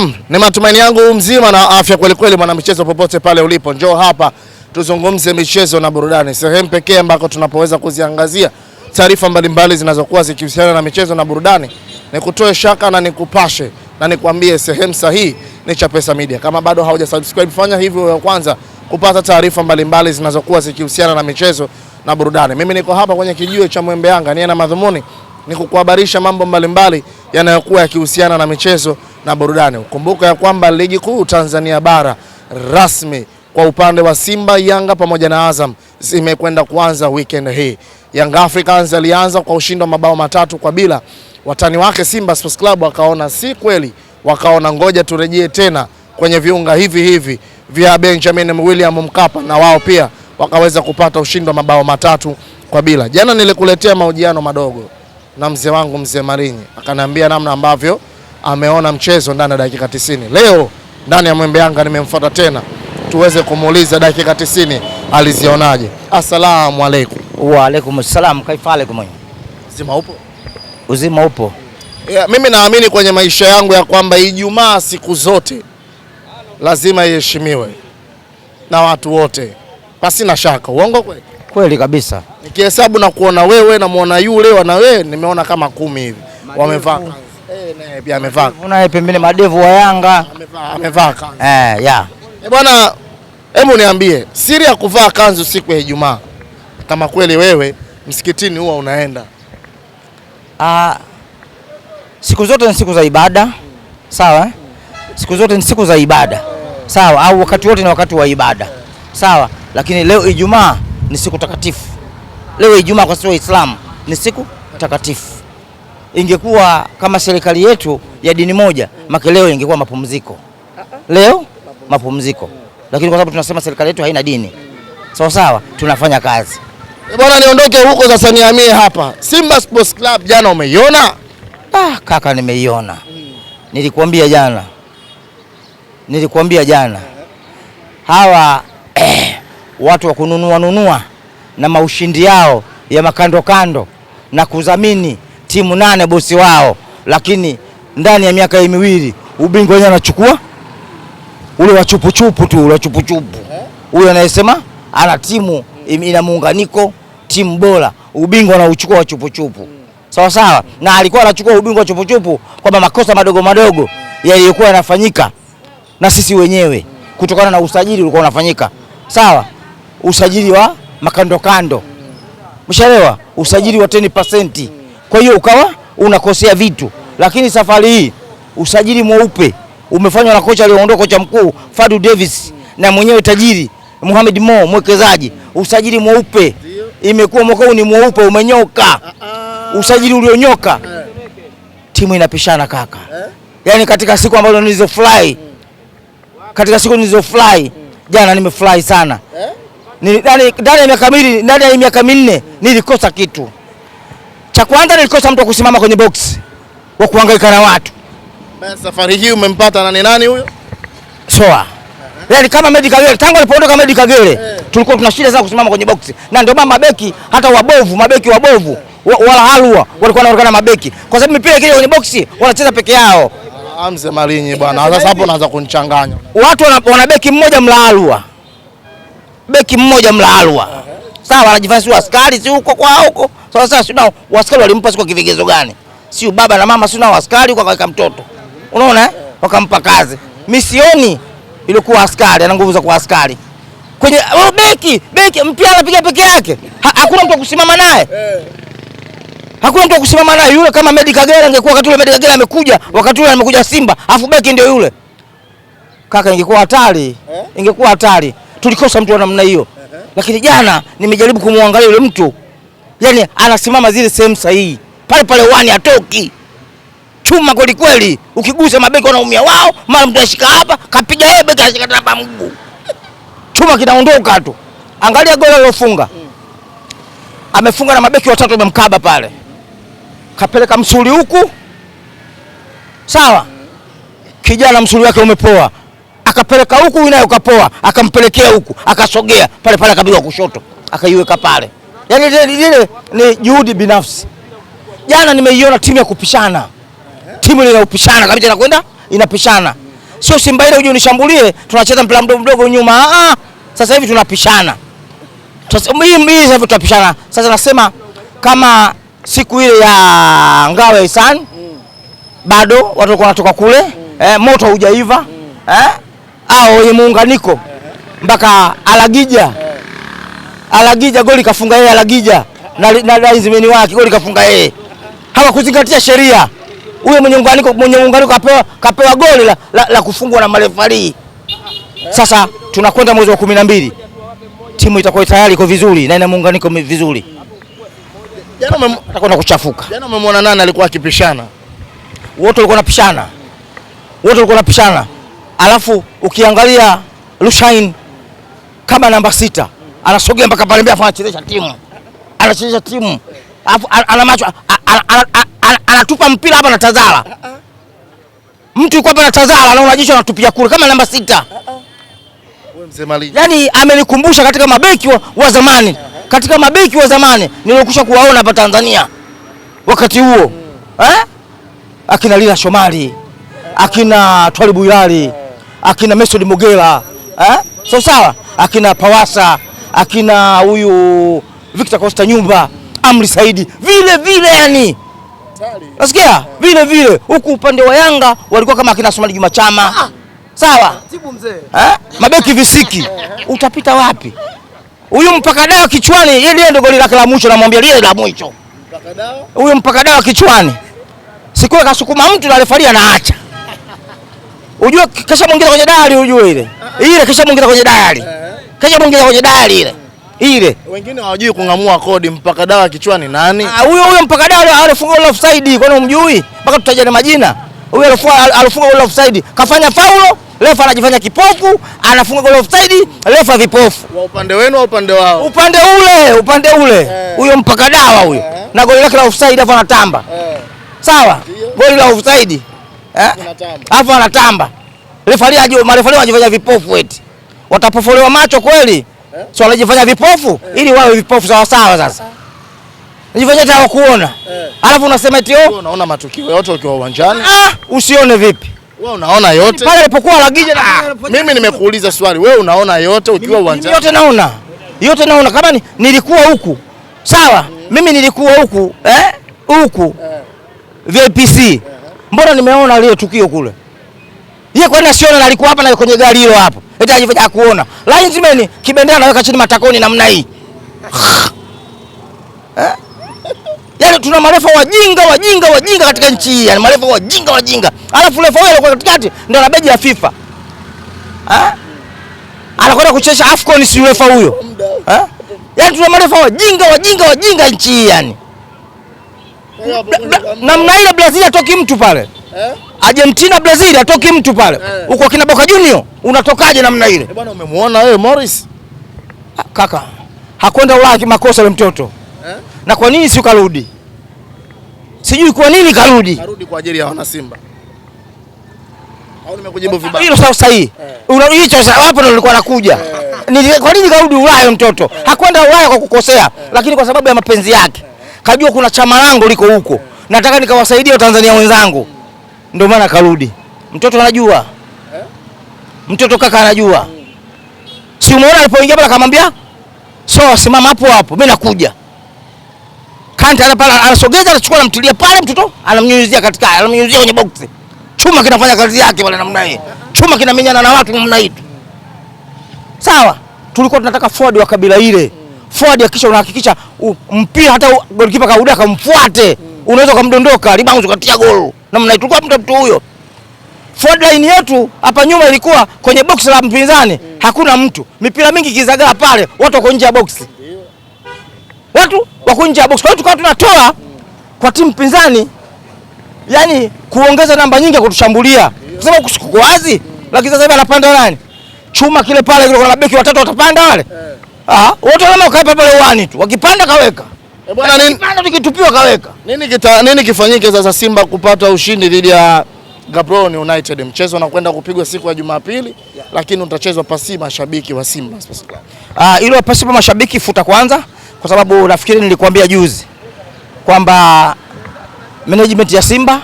Naam, ni matumaini yangu mzima na afya kweli kweli, mwanamichezo popote pale ulipo, njoo hapa tuzungumze michezo na burudani, sehemu pekee ambako tunapoweza kuziangazia taarifa mbalimbali zinazokuwa zikihusiana na michezo na burudani. Nikutoe shaka na nikupashe na nikwambie, sehemu sahihi ni Chapesa Media. Kama bado hauja subscribe, fanya hivyo ya kwanza kupata taarifa mbalimbali zinazokuwa zikihusiana na michezo na burudani. Mimi niko hapa kwenye kijiwe cha Mwembe Yanga, niye na madhumuni ni kukuhabarisha mambo mbalimbali mbali yanayokuwa yakihusiana na michezo na burudani. Kumbuka ya kwamba ligi kuu Tanzania bara rasmi kwa upande wa Simba, Yanga pamoja na Azam zimekwenda kuanza weekend hii. Young Africans alianza kwa ushindi wa mabao matatu kwa bila watani wake Simba Sports Club, wakaona si kweli, wakaona ngoja turejee tena kwenye viunga hivi hivi vya Benjamin William Mkapa, na wao pia wakaweza kupata ushindi wa mabao matatu kwa bila. Jana nilikuletea mahojiano madogo na mzee wangu mzee Marinyi akaniambia namna ambavyo ameona mchezo ndani ya dakika tisini. Leo ndani ya Mwembe Yanga nimemfuata tena tuweze kumuuliza dakika tisini alizionaje. Asalamu alaykum. Wa alaykum salam, kaifa alaykum. Uzima upo? Uzima upo. Yeah, mimi naamini kwenye maisha yangu ya kwamba Ijumaa siku zote lazima iheshimiwe na watu wote pasina shaka. Uongo kweli? Kweli kabisa, nikihesabu na kuona wewe na muona yule wana wewe, nimeona kama kumi hivi wamevaa eh, naye pia amevaa. Unaye pembeni madevu wa Yanga amevaa Eh, ya. e bwana, hebu niambie siri ya kuvaa kanzu siku ya Ijumaa kama kweli wewe msikitini huwa unaenda? Ah, siku zote ni siku za ibada sawa, eh? siku zote ni siku za ibada sawa, au wakati wote ni wakati wa ibada sawa, lakini leo Ijumaa ni siku takatifu. Leo Ijumaa kwa sisi Waislamu ni siku takatifu. Ingekuwa kama serikali yetu ya dini moja, makeleo ingekuwa mapumziko. Leo mapumziko, lakini kwa sababu tunasema serikali yetu haina dini, sawa sawa, tunafanya kazi eh, bwana. Niondoke huko sasa, niamie hapa. Simba Sports Club jana umeiona? Ah, kaka, nimeiona. Nilikuambia jana, nilikuambia jana hawa watu wa kununua nunua na maushindi yao ya makando kando na kudhamini timu nane bosi wao, lakini ndani ya miaka hii miwili ubingwa wenyewe anachukua ule wa chupu chupu tu, ule wa chupu chupu huyo anayesema ana timu ina muunganiko, timu bora, ubingwa anauchukua wa chupu chupu sawa sawa, na alikuwa anachukua ubingwa wa chupu chupu kwamba makosa madogo madogo yaliyokuwa yanafanyika na sisi wenyewe kutokana na usajili ulikuwa unafanyika sawa usajili wa makandokando, mshaelewa, usajili wa 10%. Kwa hiyo ukawa unakosea vitu, lakini safari hii usajili mweupe umefanywa na kocha aliyoondoka, kocha mkuu Fadu Davis na mwenyewe tajiri Mohamed Mo mwekezaji. Usajili mweupe imekuwa mwaka huu ni mweupe, umenyoka, usajili ulionyoka, timu inapishana kaka. Yaani katika siku ambazo nilizofly, katika siku nilizofly jana, nimefly sana ndani ya miaka ndani ya miaka minne nilikosa kitu cha kwanza, nilikosa mtu wa kusimama kwenye box wa kuhangaika na watu. Safari hii umempata nani? Nani huyo? Soa. Eh. Yaani kama medical girl tangu alipoondoka medical girl eh. tulikuwa tuna shida sana kusimama kwenye box. Na ndio maana mabeki hata wabovu, mabeki wabovu wala halua walikuwa wanaonekana mabeki kwa sababu mipira ile kwenye box wanacheza peke yao. Amze ah, Malinyi bwana. Sasa hapo naanza kunichanganya. Watu wana beki mmoja mlaalua beki mmoja mlaalwa sawa, anajifanya si askari si huko kwa huko sawa sawa, sio askari walimpa siko kivigezo gani, sio baba na mama, sio askari kwa akaweka mtoto, unaona eh? wakampa kazi. Mimi sioni ilikuwa askari ana nguvu za kuwa askari kwenye oh, beki beki mpira anapiga peke yake ha, hakuna mtu akusimama naye hakuna mtu akusimama naye yule. Kama Medi Kagere angekuwa wakati ule Medi Kagere amekuja wakati ule amekuja Simba, afu beki ndio yule kaka, ingekuwa hatari, eh? ingekuwa hatari tulikosa mtu wa namna hiyo, uh-huh. lakini jana nimejaribu kumwangalia yule mtu, yani anasimama zile sehemu sahihi pale pale, wani atoki chuma kweli kweli, ukigusa mabeki wanaumia wao, mara mtu ashika hapa, kapiga yeye beki ashika hapa mguu, chuma kinaondoka tu. Angalia goli alilofunga, amefunga na mabeki watatu wamemkaba pale, kapeleka msuli huku, sawa kijana, msuli wake umepoa akapeleka huku nayo kapoa, akampelekea huku, akasogea pale pale, akapigwa kushoto, akaiweka pale. Yani lile ni juhudi binafsi. Jana nimeiona timu ya kupishana, timu ile ya inayopishana kabisa, inakwenda inapishana, sio Simba ile uje unishambulie, tunacheza mpira mdogo mdogo nyuma. Ah, ah sasa hivi tunapishana, sasa hivi tunapishana. Sasa nasema kama siku ile ya Ngao ya Hisani bado watu walikuwa wanatoka kule, eh, moto haujaiva eh, au wenye muunganiko mpaka Alagija. Alagija goli kafunga yeye Alagija na na laizimeni wake goli kafunga yeye. Hawakuzingatia sheria. Huyo mwenye muunganiko mwenye muunganiko kapewa kapewa goli la, la, la kufungwa na marefari. Sasa tunakwenda mwezi wa kumi na mbili. Timu itakuwa tayari iko vizuri na ina muunganiko vizuri. Jana atakwenda kuchafuka. Jana umemwona nani alikuwa akipishana? Wote walikuwa wanapishana. Wote walikuwa wanapishana. Alafu ukiangalia Lushain kama namba sita anasogea mpaka pale mbele, anachezesha timu, anachezesha timu, alafu ana macho, anatupa mpira hapa na tazara, mtu yuko hapa na tazara, anaona jicho, anatupia kule kama namba sita. Yaani amenikumbusha katika mabeki wa, wa zamani katika mabeki wa zamani niliokusha kuwaona hapa Tanzania wakati huo eh? akina Lila Shomari akina Twalibu Ilali akina Mesud Mogela eh? sawa sawa, akina Pawasa, akina huyu Victor Costa Nyumba, Amri Saidi vile vile, yani nasikia vile vile. Huku upande wa Yanga walikuwa kama akina Somali Juma Chama ah, ah. sawa eh? mabeki visiki, eh, eh. utapita wapi huyu mpaka dawa kichwani, yeye ndio goli lake la mwisho, namwambia lile la mwisho huyu mpaka dawa kichwani, sikuwa kasukuma mtu na refaria naacha Ujue kisha mwingiza kwenye dari ujue ile. Ah, ah. Ile kisha mwingiza kwenye dari. Eh, eh. Kisha mwingiza kwenye dari ile. Hmm. Ile. Wengine hawajui kungamua kodi mpaka dawa kichwani nani? Ah, huyo huyo mpaka dawa alifunga ule offside, kwani umjui? Mpaka tutajane majina. Huyo alifunga alifunga ule offside. Kafanya faulo, refa anajifanya kipofu, anafunga goli offside, refa vipofu. Wa upande wenu au upande wao? Upande ule, upande ule. Eh. Huyo mpaka dawa huyo. Na goli lake la offside hapo anatamba. Sawa? Goli la offside. Eh? Alafu eh, anatamba refari aje, marefari wanajifanya vipofu eti watapofolewa macho kweli eh? So wanajifanya vipofu eh, ili wawe vipofu sawa sawa. Sasa najifanya hata hawakuona eh. Alafu unasema eti oh. wewe unaona matukio yote ukiwa uwanjani. Ah, usione vipi wewe? Unaona yote pale alipokuwa Lagija na ah, mimi nimekuuliza swali, wewe unaona yote ukiwa uwanjani? Yote naona, yote naona. Kama ni, nilikuwa huku sawa, mm. Mimi nilikuwa huku eh, huku eh, VPC eh mbona nimeona lile tukio kule. Yeye kwani asiona na alikuwa hapa na kwenye gari hilo hapo. Eti anajifanya kuona. Linesman kibendera anaweka chini matakoni namna hii. Eh? Yaani tuna marefa wajinga wajinga wajinga katika nchi hii. Yaani marefa wajinga wajinga. Alafu refa wao kwa katikati ndio na beji ya FIFA. Eh? Anakwenda kuchesha AFCON si refa huyo. Eh? Yaani tuna marefa wajinga wajinga wajinga nchi hii yani namna ile Brazil atoki mtu pale eh? Argentina Brazil atoki mtu pale huko eh. Kina Boca Junior unatokaje namna ile eh, bwana? Umemwona wewe Morris kaka hakwenda Ulaya kimakosa yule mtoto eh? Na kwa nini si ukarudi? Sijui kwa nini karudi. Karudi kwa ajili ya wana Simba. Au nimekujibu vibaya? Hilo sasa sahihi. Hicho sasa wapo ndio nilikuwa nakuja. Eh. Kwa nini karudi Ulaya mtoto? Eh. Hakwenda Ulaya kwa kukosea, lakini kwa sababu ya mapenzi yake kajua kuna chama langu liko huko, nataka nikawasaidia Watanzania wenzangu, ndio maana karudi. Mtoto anajua, mtoto kaka anajua, si umeona alipoingia pale, akamwambia so simama hapo hapo, mimi nakuja. Kante ana pale, anasogeza, anachukua, anamtilia pale, mtoto anamnyunyuzia katika, anamnyunyuzia kwenye box, chuma kinafanya kazi yake pale namna hii, chuma kinamenyana na watu namna hii. Sawa, tulikuwa tunataka forward wa kabila ile forward hakikisha unahakikisha mpira hata goalkeeper kaudi akamfuate mm. unaweza kumdondoka rebound ukatia gol. Namna tulikuwa mtu mtu huyo. Forward line yetu hapa nyuma ilikuwa kwenye box la mpinzani, mm. hakuna mtu. Mipira mingi kizagaa pale, watu wako nje ya box. Watu wako nje ya box. Kwa hiyo tukawa tunatoa kwa timu pinzani, yani kuongeza namba nyingi kutushambulia. Kwa sababu kusiku wazi, lakini sasa hivi anapanda nani? Chuma kile pale kile kuna beki watatu watapanda wale. yeah. Ah, wote wana ukae pale uani tu. Wakipanda kaweka. E bwana nini? Wakipanda tukitupiwa kaweka. Nini kita, nini kifanyike sasa Simba kupata ushindi dhidi ya Gaborone United? Mchezo unakwenda kupigwa siku ya Jumapili yeah, lakini utachezwa pasi mashabiki wa Simba Sports Club. Ah, hilo pasipo mashabiki futa kwanza kwa sababu nafikiri nilikwambia juzi kwamba management ya Simba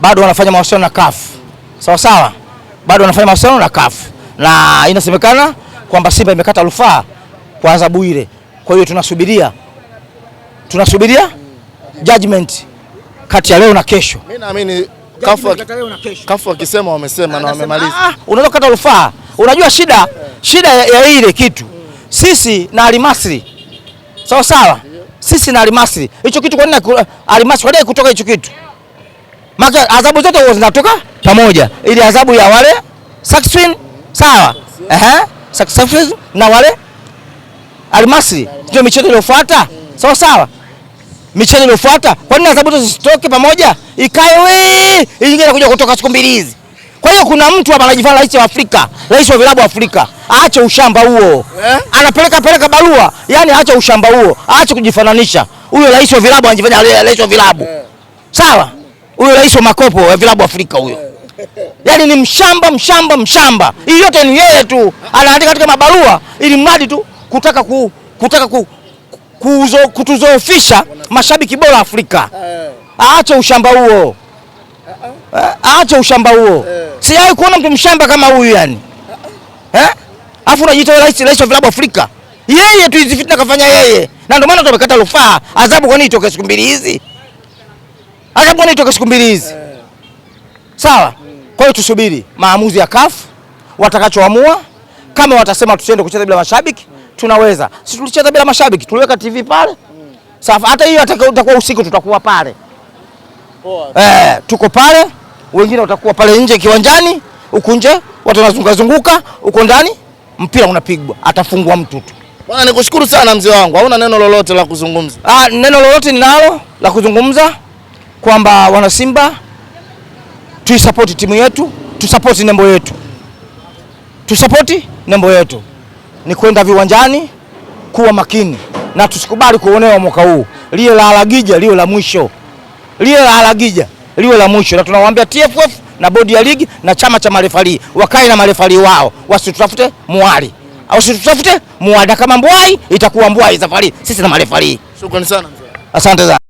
bado wanafanya mawasiliano na CAF. Sawa sawa? Bado wanafanya mawasiliano na CAF. Na inasemekana kwamba Simba imekata rufaa kwa adhabu ile. Kwa hiyo tunasubiria tunasubiria judgment kati ya leo na kesho. Mimi naamini kafu kafu akisema wamesema na wamemaliza. Ah, ah unaweza kata rufaa. Unajua shida shida ya, ya ile kitu sisi na Alimasri sawa sawa, sisi na Alimasri hicho kitu, kwa nini Alimasri wadai kutoka hicho kitu? Maka adhabu zote zinatoka pamoja, ili adhabu ya wale sakswin sawa, ehe, sakswin na wale Almasri ndio michezo iliyofuata mm. sawa sawa, michezo iliyofuata. Kwa nini adhabu hizo zisitoke pamoja, ikae we ingine inakuja kutoka siku mbili hizi? Kwa hiyo kuna mtu hapa anajifanya rais wa Afrika, rais wa vilabu Afrika, aache ushamba huo eh? Anapeleka peleka barua, yani aache ushamba huo, aache kujifananisha. Huyo rais wa vilabu anajifanya rais wa vilabu eh? Sawa, huyo rais wa makopo ya vilabu Afrika huyo eh? Yaani ni mshamba mshamba mshamba, hii yote ni yeye tu anaandika katika mabarua ili mradi tu kutaka ku, kutaka ku, kuzo, kutuzoofisha mashabiki bora Afrika. Aache ushamba huo, eh, aache ushamba huo. Sijawahi kuona mtu mshamba kama huyu yani, eh? Afu unajitoa rais rais wa vilabu Afrika, yeye tu hizi fitna kafanya yeye, na ndio maana tumekata rufaa. Adhabu kwa nini itoke siku mbili hizi? Adhabu kwa itoke siku mbili hizi? Sawa. Kwa hiyo tusubiri maamuzi ya CAF watakachoamua, kama watasema tusiende kucheza bila mashabiki tunaweza. Si tulicheza bila mashabiki, tuliweka TV pale. Safi, hata hiyo utakuwa usiku tutakuwa pale. Poa. Eh, tuko pale, wengine watakuwa pale nje kiwanjani, huku nje watu wanazunguka zunguka, huko ndani mpira unapigwa, atafungua mtu tu. Bwana, nikushukuru sana mzee wangu. Hauna neno lolote la kuzungumza? Ah, neno lolote ninalo la kuzungumza kwamba wana Simba tuisapoti timu yetu, tusapoti nembo yetu, tusapoti nembo yetu ni kwenda viwanjani kuwa makini na tusikubali kuonewa mwaka huu. Lile la Alagija liwe la mwisho, lile la Alagija liwe la mwisho, na tunawaambia TFF na bodi ya ligi na chama cha marefali wakae na marefali wao, wasitutafute muhali au situtafute muhali, na kama mbwai itakuwa mbwai safari, sisi na marefali. Shukrani sana mzee, asante sana.